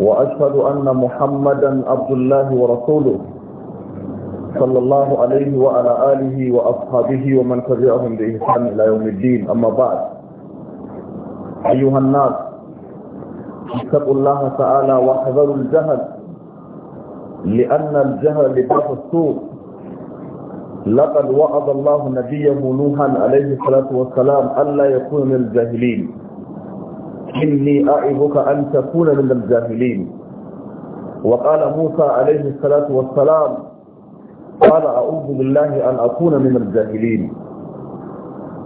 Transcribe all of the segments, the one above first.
وأشهد أن محمدا عبد الله ورسوله صلى الله عليه وعلى آله وأصحابه ومن تبعهم بإحسان إلى يوم الدين أما بعد أيها الناس اتقوا الله تعالى واحذروا الجهل لأن الجهل باب السوء لقد وعد الله نبيه نوحا عليه الصلاة والسلام ألا يكون من الجاهلين إني أعظك أن تكون من الجاهلين وقال موسى عليه الصلاة والسلام قال أعوذ بالله أن أكون من الجاهلين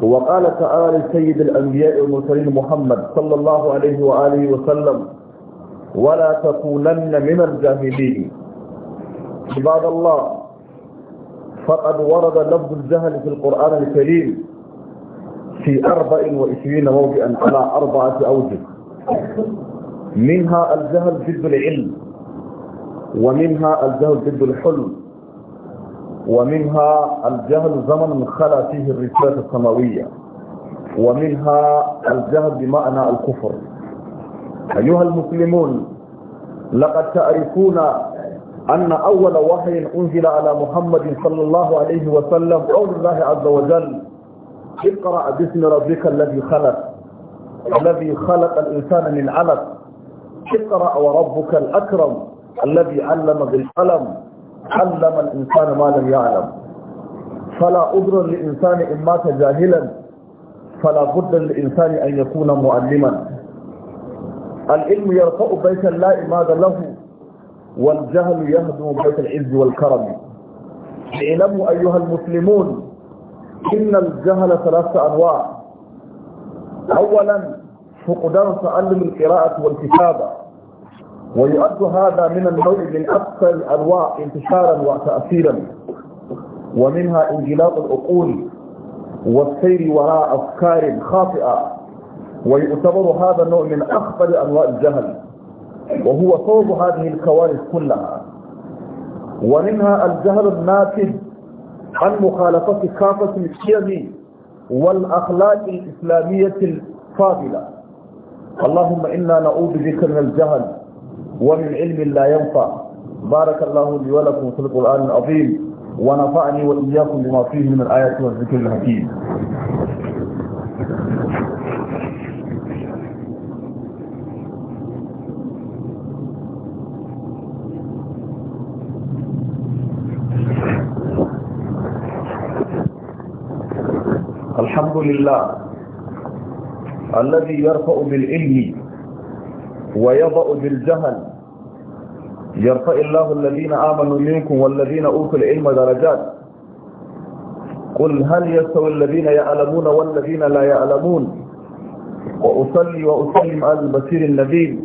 وقال تعالى سيد الأنبياء والمرسلين محمد صلى الله عليه وآله وسلم ولا تكونن من الجاهلين عباد الله فقد ورد لفظ الجهل في القرآن الكريم في أربع وعشرين موضعا على أربعة أوجه منها الجهل ضد العلم ومنها الجهل ضد الحلم ومنها الجهل زمن خلا فيه الرسالة السماوية ومنها الجهل بمعنى الكفر أيها المسلمون لقد تعرفون أن أول وحي أنزل على محمد صلى الله عليه وسلم قول الله عز وجل اقرأ باسم ربك الذي خلق الذي خلق الإنسان من علق اقرأ وربك الأكرم الذي علم بالقلم علم الإنسان ما لم يعلم فلا عذر للإنسان إن مات جاهلا فلا بد للإنسان أن يكون معلما العلم يرفع بيت لا إماد له والجهل يهدم بيت العز والكرم اعلموا أيها المسلمون إن الجهل ثلاثة أنواع أولا فقدان تعلم القراءة والكتابة ويؤد هذا من النوع من أكثر الأنواع انتشارا وتأثيرا ومنها انجلاط العقول والسير وراء أفكار خاطئة ويعتبر هذا النوع من أخطر أنواع الجهل وهو صوب هذه الكوارث كلها ومنها الجهل الناتج عن مخالفة كافة الشيم والأخلاق الإسلامية الفاضلة اللهم إنا نعوذ بك من الجهل ومن علم لا ينفع بارك الله لي ولكم في القرآن العظيم ونفعني وإياكم بما فيه من الآيات والذكر الحكيم رسول الله الذي يرفع بالعلم ويضع بالجهل يرفع الله الذين آمنوا منكم والذين أوتوا العلم درجات قل هل يستوي الذين يعلمون والذين لا يعلمون وأصلي وأسلم على البشير النبيل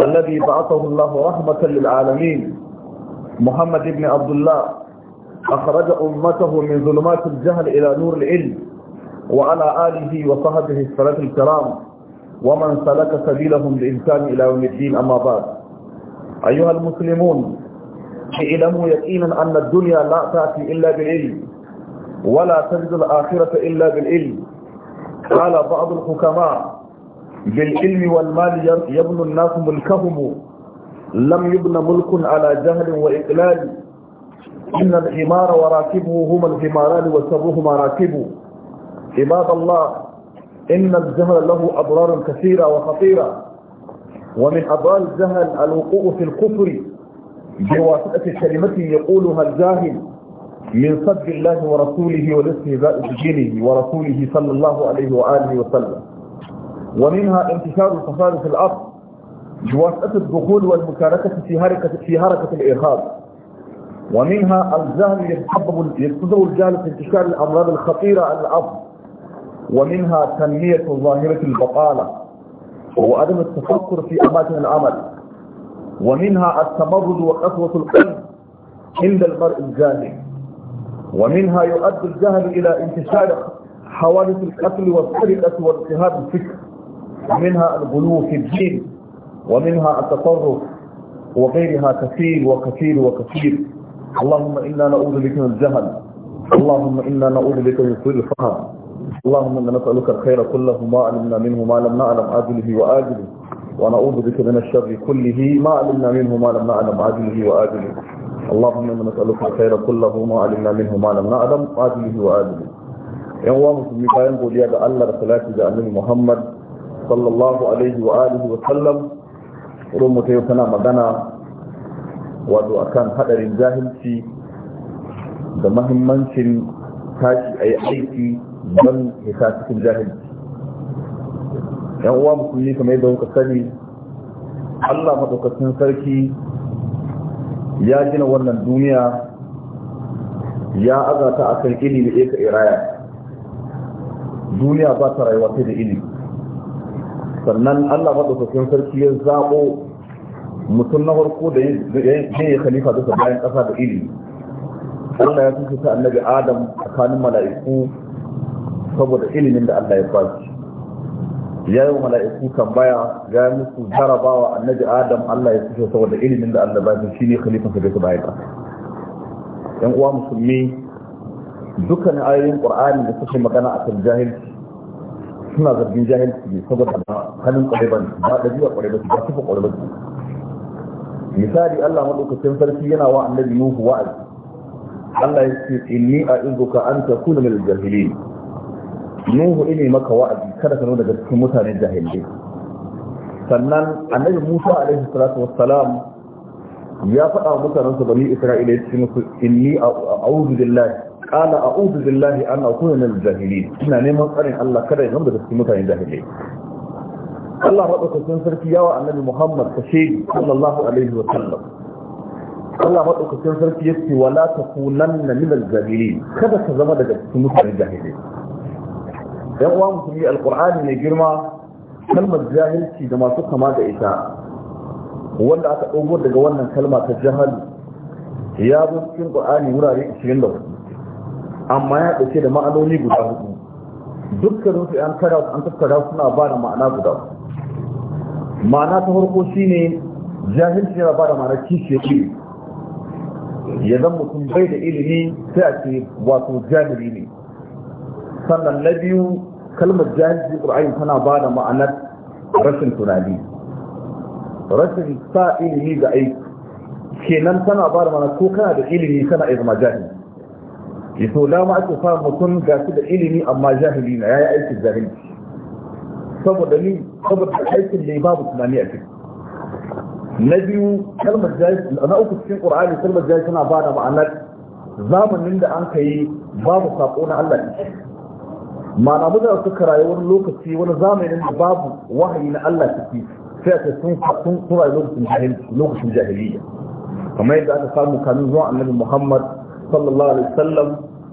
الذي بعثه الله رحمة للعالمين محمد بن عبد الله أخرج أمته من ظلمات الجهل إلى نور العلم وعلى آله وصحبه الصلاة الكرام ومن سلك سبيلهم بإنسان إلى يوم الدين أما بعد أيها المسلمون اعلموا يقينا أن الدنيا لا تأتي إلا بالعلم ولا تجد الآخرة إلا بالعلم قال بعض الحكماء بالعلم والمال يبنى الناس ملكهم لم يبن ملك على جهل وإقلال إن الحمار وراكبه هما الحماران وسرهما راكبه عباد الله إن الجهل له أضرار كثيرة وخطيرة ومن أضرار الجهل الوقوع في الكفر بواسطة كلمة يقولها الجاهل من صد الله ورسوله والاستهزاء بدينه ورسوله صلى الله عليه وآله وسلم ومنها انتشار الفساد في الأرض بواسطة الدخول والمشاركة في حركة في حركة الإرهاب ومنها الجهل يتسبب الجهل في انتشار الأمراض الخطيرة على الأرض ومنها تنمية ظاهرة البطالة وعدم التفكر في أماكن العمل ومنها التمرد وقسوة القلب عند المرء الجاهل ومنها يؤدي الجهل إلى انتشار حوادث القتل والسرقة والتهاب الفكر ومنها الغلو في الدين ومنها التطرف وغيرها كثير وكثير وكثير اللهم إنا نعوذ بك من الجهل اللهم إنا نعوذ بك من سوء الفهم اللهم إنا نسألك الخير كله ما علمنا منه ما لم نعلم آجله وآجله ونعوذ بك من الشر كله ما علمنا منه ما لم نعلم آجله وآجله اللهم إنا نسألك الخير كله ما علمنا منه ما لم نعلم آجله وآجله يوم مسلمي بايان قوليا دا الله رسلاتي دا أمين محمد صلى الله عليه وآله وسلم رمت يوتنا مدنا wato akan hadarin jahilci da mahimmancin tashi a yi aiki don ya cikin jahili yan uwa musulmi kamar yadda kuka sani Allah madaukakin sarki ya gina wannan duniya ya azata a kan ilimi da eka iraya duniya ba ta rayuwa sai da ilimi sannan Allah madaukakin sarki ya zaɓo mutum na farko da yin ya khalifa duka bayan ƙasa da ilimi Allah ya ta annabi Adam tsakanin mala'iku saboda ilimin da Allah ya ba ya yi mala'iku tambaya ga musu jarabawa annabi adam Allah ya fito saboda ilimin da Allah ba shi shine khalifa sa da bayan yan uwa musulmi dukkan ayoyin qur'ani da suke magana a kan jahilci suna zargin jahilci ne saboda ba hannun ƙwareban ba da jiwa ƙwareban ba sufa ƙwareban misali Allah maɗaukacin sarki yana wa annabi Nuhu wa'azi Allah ya ce inni a izuka an takuna min al-jahilin nuhu ne maka wa'azi kada ka zo daga cikin mutane jahilai sannan annabi musa alaihi salatu wassalam ya faɗa wa mutanen su bani isra'ila ya ce musu inni a'udhu billahi qala a'udhu billahi an akuna min al-jahilin ina neman tsarin Allah kada ya zama daga cikin mutane jahilai Allah ya madaukakin sarki yawa annabi Muhammad kashe sallallahu alaihi wa sallam Allah ya madaukakin sarki yace wala ta takunanna min al-jahilin kada ka zama daga cikin mutane jahilai yan uwa musulmi alqur'ani ne girma kalmar jahilci da masu kama da ita wanda aka dogo daga wannan kalma ta jahal ya zo cikin qur'ani wurare 24 amma ya dauke da ma'anoni guda hudu dukkanin su an kara an tattara suna ba da ma'ana guda ma'ana ta farko shine jahilci yana ba da ma'ana kishiye ya zan mutum bai da ilimi sai a ce wato jahili ne sannan na biyu kalmar jahilci ƙur'ani tana ba da ma'anar rashin tunani rashin sa ilimi ga aiki kenan tana ba da ma'anar ko kana da ilimi kana iya zama jahili yato dama ake fara mutum ga su da ilimi amma jahili na yayi aikin jahilci saboda ni saboda aikin ne babu tunani a ciki na biyu kalmar jahilci na uku cikin ƙur'ani kalmar jahilci tana ba da ma'anar zamanin da an ka yi babu saƙo na Allah ne malamu da suka rayu wani lokaci wani zamanin da babu wahayi na Allah ciki sai a sun sun rayu lokacin jahiliya lokacin jahiliya kamar yadda aka samu kanun zuwa annabi Muhammad sallallahu alaihi wasallam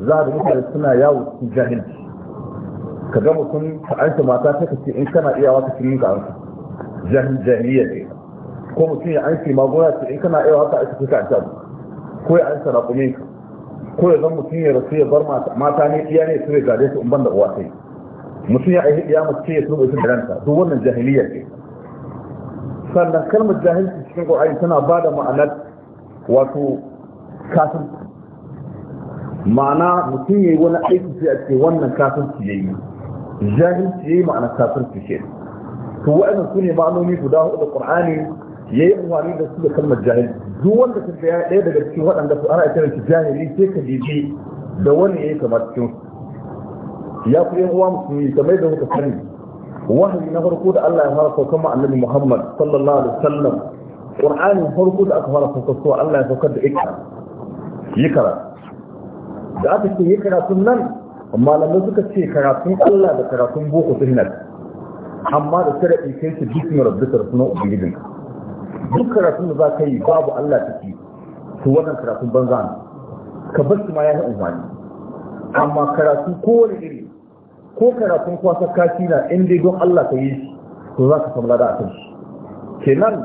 za da mutane suna yawo cikin jahilci ka ga mutum ka ansa mata sai ka ce in kana iya wata cikin ka ansa jahil jahiliya ne ko mutum ya ansa magana ce in kana iyawa ka ansa ka ansa ko ya ansa raƙumin ka ko ya zan mutum ya rasu ya bar mata ne iya ne su ya gade su in ban da uwa sai mutum ya aihi iya mutum ya tuba ita da ranta duk wannan jahiliya ce sannan kalmar jahilci cikin ƙwa'ayi tana ba da ma'anar wato kafin ma'ana mutum ya yi wani aiki sai a ce wannan kafin ya yi jahilci ya yi ma'anar kafin su ke to wa'annan su ne ma'anoni guda hudu da ƙur'ani ya yi amfani da su da kalmar jahilci duk wanda ka ga ɗaya daga cikin waɗanda su ana kiran shi jahili sai ka bibi da wani yayi kamar cikin ya ku yan uwa musulmi kamar da kuka sani wahayi na farko da Allah ya fara saukar ma annabi Muhammad sallallahu alaihi wasallam Qur'ani farko da aka fara saukar so Allah ya saukar da ikra yi kara da aka ce yi karatun nan malamai suka ce karatun Allah da karatun boko sun amma da sharaɗi kai su bismi rabbika sunan ubangijinka duk karatun da za ka yi babu Allah ciki to wannan karatun banza ne ka bar shi ma ya yi umarni amma karatu kowane iri ko karatun kwasa kashi na in dai don Allah ka yi shi to za ka samu lada a kan shi kenan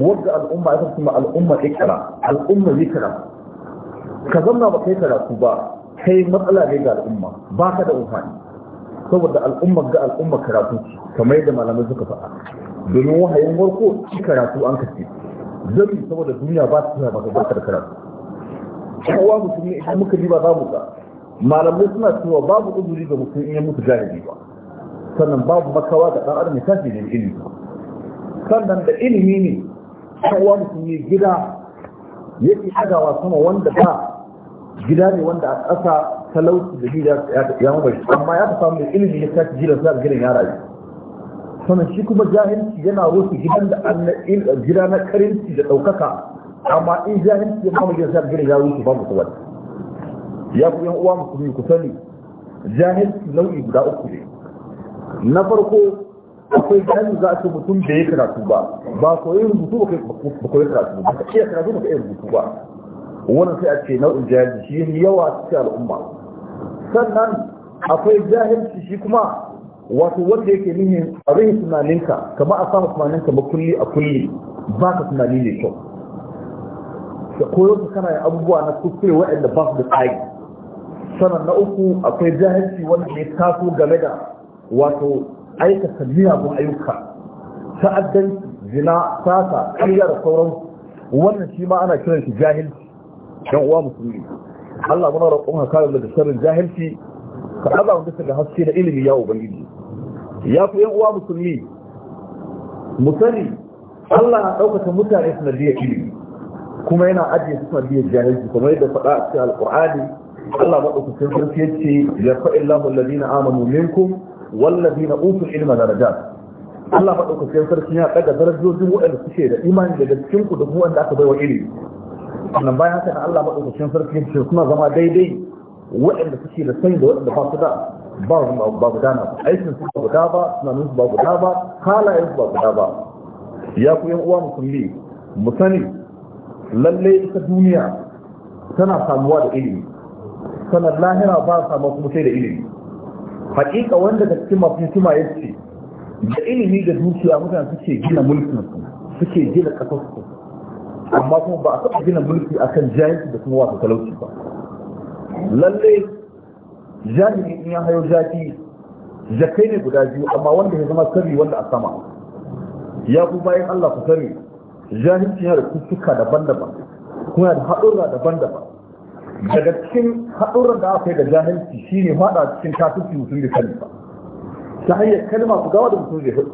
wadda al'umma ita kuma al'umma ikra al'umma zikra ka zanna ba kai karatu ba kai matsala ne ga al'umma ba ka da umarni. saboda al'umma ga al'umma karatu kamar yadda malamai suka faɗa domin wahayin warko, shi karatu an kace zami saboda duniya ba su ba ba ta karatu kowa musulmi idan muka riba za mu ga malamai suna cewa babu uzuri ga mutum in ya mutu jahili ba sannan babu makawa ga dan adam ya tashi da ilimi sannan da ilimi ne kowa musulmi gida yake agawa sama wanda ba gida ne wanda a ƙasa talauci da gida ya mabashi amma ya ta samu ilimi ya tashi gidan sa gidan ya rayu sannan shi kuma jahilci yana rufe gidan da an gida na karinci da ɗaukaka amma in jahilci ya mamu gidan gidan ya rufe ba musu wani ya ku yan uwa musulmi ku sani jahilci nau'i guda uku ne na farko akwai jahilci za a ce mutum da ya karatu ba ba koyi rubutu ba koyi karatu ba ka iya karatu ba ka iya rubutu ba wannan sai a ce nau'in jahilci shi yawa cikin al'umma sannan akwai jahilci shi kuma wato wanda yake nihi a rahin tunaninka kama a samu tunaninka ba kulli a kulli ba ka tunani ne kyau da koyo ka kana abubuwa na kuskure waɗanda ba su da tsari sannan na uku akwai jahilci wanda ya taso game da wato aikata miyagun ayyuka ta'addanci zina sata ƙarya da sauran wannan shi ma ana kiran shi jahilci Don uwa musulmi Allah muna roƙon ka kare daga sharrin jahilci ka aza mu bisa ga haske da ilimi ya ubangiji ya fi yan uwa musulmi mu sani Allah na ɗaukaka mutane sanadiyar ilimi kuma yana ajiye su sanadiyar jahilci kamar yadda faɗa a cikin alƙur'ani Allah maɗaukakin sarki ya ce ya faɗi Allah alladhina amanu minkum na utul ilma darajat Allah maɗaukakin sarki ya ɗaga darajojin waɗanda suke da imani da gaskinku da kuma wanda aka baiwa ilimi sannan bayan haka Allah maɗaukakin sarki ya ce suna zama daidai waɗanda suke da sani da waɗanda ba su da ba guda na aikin su ba guda ba tunanin su ba guda ba halayen su ba guda ba ya ku yan uwa musulmi mu sani lalle ita duniya tana samuwa da ilimi sannan lahira ba samu kuma sai da ilimi hakika wanda da cikin masu hikima ya ce da ilimi da dukiya mutane suke gina mulkin su suke gina kasar su amma kuma ba a taɓa gina mulki akan jayanci da kuma wasu talauci ba lalle jahili in ya hayo zafi zakai ne guda biyu amma wanda ya zama sari wanda a sama ya ku bayan Allah ku sari jahilci yana da cututtuka daban-daban kuma da haɗurra daban-daban daga cikin haɗurran da aka yi da jahilci ne faɗa cikin kafirci mutum da sani ba ta hanyar kalma ku gawa da mutum zai hudu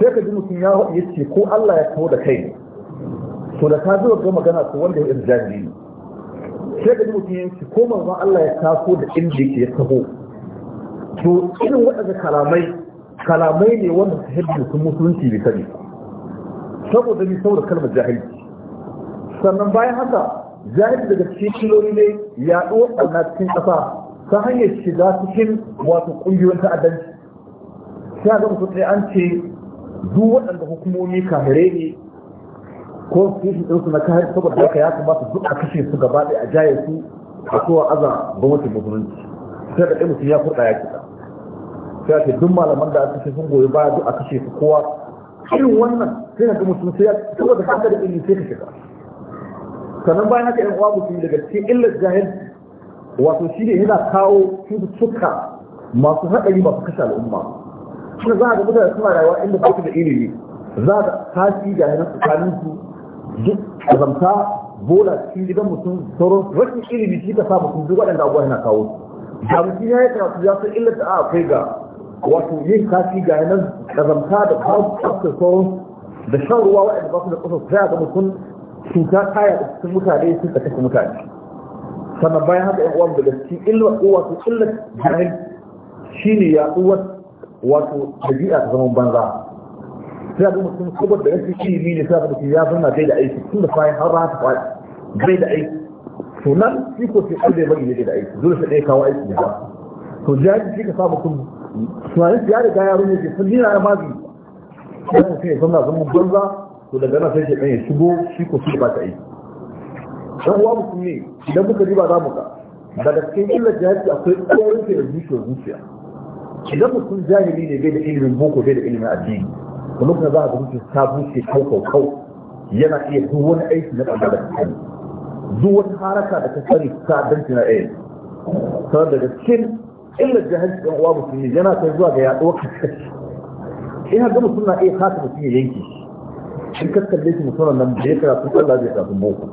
sai ka ji mutum ya hudu ya ce ko Allah ya kawo da kai ne to da ka zo ga magana ko wanda ya yi da ne sai da mutum yanki ko manzon Allah ya taso da inda yake ya taho to irin waɗanda kalamai kalamai ne wanda su hidda su musulunci bai sani saboda ni saboda kalmar jahilci sannan bayan haka jahilci daga cikin kiloli ne yaɗo ɗanna cikin ƙasa ta hanyar shiga cikin wato ƙungiyoyin ta'addanci sai ga mutum ɗaya an ce duk waɗanda hukumomi kamare ne ko kishin ɗin su na kayan saboda haka ya kamata su a kashe su gaba ɗaya a jaye su a kowa aza gwamnatin musulunci sai da ɗaya mutum ya furɗa ya kiɗa sai ake duk malaman da aka ce sun goyi baya duk a kashe su kowa irin wannan sai na ga mutum sai ya saboda haka da ilimi sai ka shiga sannan bayan haka yan uwa mutum daga cikin illar jahilci wato shi ne yana kawo cututtuka masu haɗari masu kashe al'umma shi za a ga mutane suna rayuwa inda ba su da ilimi za a ga tasi jahilin tsakaninsu duk azamta bola cikin gidan mutum sauran rashin ilimi shi ka sa mutum duk waɗanda abuwa yana kawo da mutum ya yi karatu ya san illar da a kai ga wato yin kafi ga yanar kazamta da kawo tsaftar sauran da shan ruwa waɗanda ba su da ƙasa sai ga mutum cuta kaya da cikin mutane sun ka kashe mutane sannan bayan haka yan uwan daga cikin illar uwa su illar jahil shine yaɗuwar wato ɗabi'a ta zaman banza sai ga mutum saboda rashin ilimi ne sai ga mutum ya zama bai da aiki tun da fayin har rana ta faɗi bai da aiki to nan shi ko sai Allah ya ne da aiki dole sai ɗaya kawo aiki ne ba to jaji shi ka sa mutum tunanin ya riga ya rune ke sun nina na mazi sai mutum ya zama zaman banza to daga nan sai ɗan ya shigo shi ko sai ba ta aiki dan uwa mutum ne idan muka riba za mu ka daga cikin illar jahilci akwai tsoron ke da zuciyar zuciya idan mutum jahili ne bai da ilimin boko bai da ilimin addini da lokacin za a zuci ta bushe kau kau kau yana iya duk wani aiki na ɗan da ka sani duk wani haraka da ka sani ta danci na ɗaya sanar daga cikin illar jahilci ɗan uwa musulmi yana kai zuwa ga yaɗuwar kaskashi in har mutum suna iya kasa mutum ya yanke shi in ka kalle shi mutum nan da ya karatu Allah zai karatu boko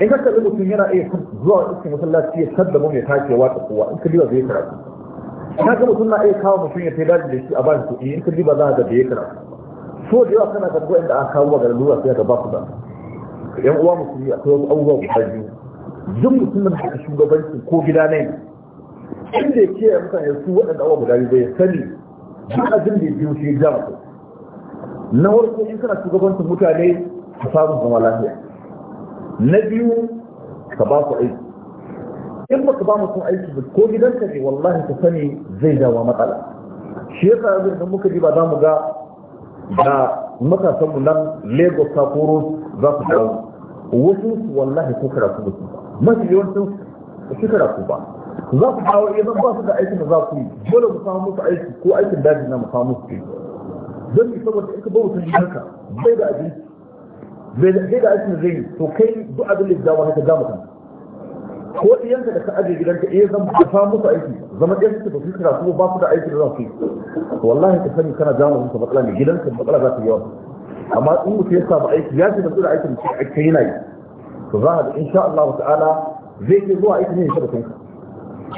in ka kalle mutum yana iya zuwa iskin masallaci ya sadda mu mai tashi ya watsa kowa in ka biya zai karatu na ga mutum na iya kawo mutum ya taida da shi a ba shi kuɗi in ka ba za ka da ya kara so da yawa kana ga ko inda aka kawo ga lura sai ka ba su da yan uwa musulmi akwai wasu abubuwa guda biyu duk mutum da ke shugabanci ko gida ne inda ya kiyaye mutane su waɗanda abubuwa guda biyu bai sani duk ajin da ya biyu shi ja mutum na farko in kana shugabancin mutane ka samu zama lafiya na biyu ka ba su aiki in baka ba mutum aiki ba ko gidanka ne wallahi ka sani zai jawo matsala shi yasa yanzu idan muka ji ba za mu ga da matasan mu nan Lagos ta koro za su dawo wasu wallahi ko karatu ba su mafi yawancin su karatu ba za ku dawo idan ba su da aikin da za ku yi dole mu samu musu aiki ko aikin daji na mu samu musu don yi saboda in ka ba mutum haka bai da abinci bai da aikin zai yi to kai duk abin da ya jawo haka ga mutum ko ɗiyanka da ka ajiye gidanka iya eh, zan ba musu aiki zama ɗiyan su ba su karatu ba su da aiki da za su yi wallahi ka sani kana jawo musu matsala ne gidanka matsala za ta yawa amma in mutum ya samu aiki ya ce da su da aikin da ake yana yi to za a ga insha Allah ta'ala zai ke zuwa aiki ne ya shaɗa kanka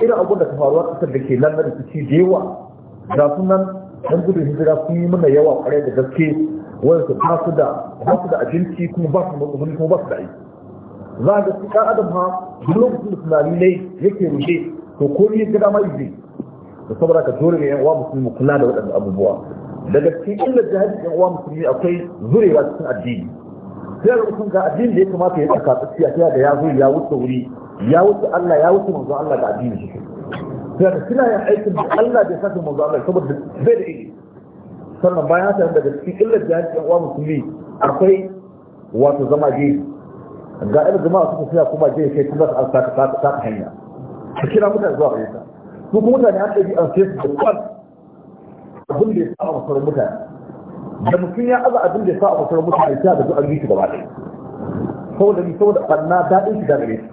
irin abin da ka faruwa ƙasar da ke nan na rikici da yawa ga sunan dan gudun hijira sun yi mana yawa kwarai da gaske wanda su ba su da abinci kuma ba su da kuma ba su da aiki za a ga kan adam ha duk lokacin da tunani ne yake rushe to ko ya ga dama izi da saboda ka dole ne yan uwa musulmi kula da waɗannan abubuwa daga cikin illar jihadi yan uwa musulmi akwai zurewa cikin addini sai da mutum ga addini da ya kamata ya tsaka tsakiya sai da ya zo ya wuce wuri ya wuce Allah ya wuce manzo Allah da addini shi sai ga suna yin aikin da Allah bai saka manzo Allah saboda bai da ilimi sannan bayan haka daga cikin illar jihadi yan uwa musulmi akwai wato zama gefe ga ɗan jama'a suka siya kuma je kai kuma an ta hanya ka kira mutane zuwa gare ta su kuma mutane an ɗabi an sai su da kwan abin da ya sa a masarar mutane da mutum ya aza abin da ya sa a masarar mutane sai da zuwa rikici gaba ɗaya saboda ni saboda ɓanna daɗin shi da gare shi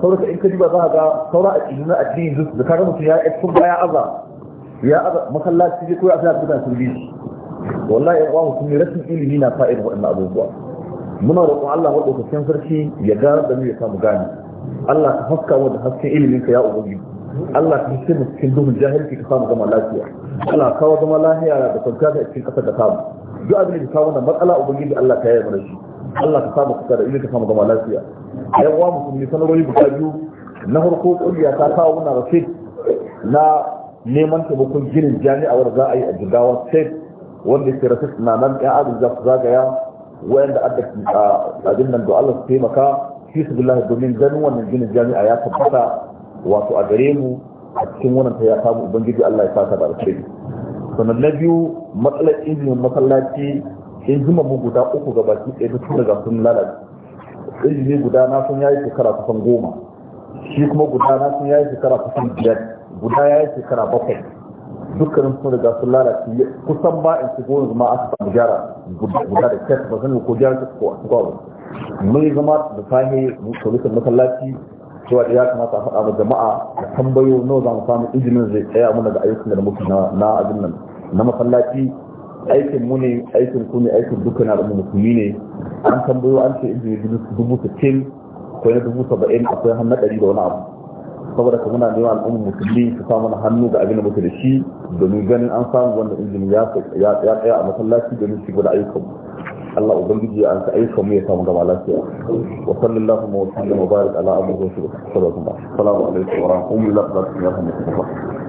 saboda in ka duba za ka ga saura a cikin addini zuci, da kare mutum ya yi kun baya aza ya aza masallaci ko ya sa mutane sun bi wallahi ya kwa mutum ne rashin ilimi na fa'ida waɗannan abubuwa muna roƙo Allah maɗaukakin sarki ya gara da mu ya samu gani Allah ka haska mu da hasken ilimin ka ya ubangiji Allah ka haske mu cikin duhun jahilci ka samu zama lafiya Allah kawo zama lafiya da kwanciya da cikin ƙasar da samu duk abin da ka kawo na matsala da Allah ka yi mana shi Allah ka samu kusa da ilimin ka samu zama lafiya yan uwa musulmi sanarori guda biyu na farko ƙungiya ta kawo wannan rasid na neman taimakon ginin jami'a wanda za a yi a jigawa state wanda ke rasid na nan ya abin za su zagaya wayanda adda abin nan da Allah su taimaka fi su billahi domin ganin wannan ginin jami'a ya tabbata wato a gare mu a cikin wannan ta ya samu ubangiji Allah ya saka da alkhairi sannan na biyu matsalar injinin masallaci in zuma mu guda uku ga baki ɗaya da tun daga sun lalace injini guda na sun yayi shekara kusan goma shi kuma guda na sun yayi shekara kusan biyar guda yayi shekara bakwai dukkanin sun riga sun lalace kusan ba in su gona zama aka samu gyara guda da kyat ba sani ko gyara ko a cikin mun yi zama da sahi solution masallaci cewa da ya kamata a faɗa ma jama'a a tambayo nawa za mu samu izinin zai tsaya muna da ayyukan da muke na abin nan na masallaci aikin mu ne aikin ku ne aikin dukkan al'umma musulmi ne an tambayo an ce izini dubu sittin ko na dubu saba'in akwai hannu ɗari da wani abu saboda ka muna neman al'ummar musulmi su samu mana hannu ga abin da muke da shi domin ganin an samu wannan injin ya tsaya a masallaci domin shigo da ayyukan Allah ubangiji an ka ayyukan mu ya samu gaba lafiya wa sallallahu wa sallam wa barik ala abu wa rasulihi sallallahu alaihi wa sallam wa rahmatullahi wa barakatuh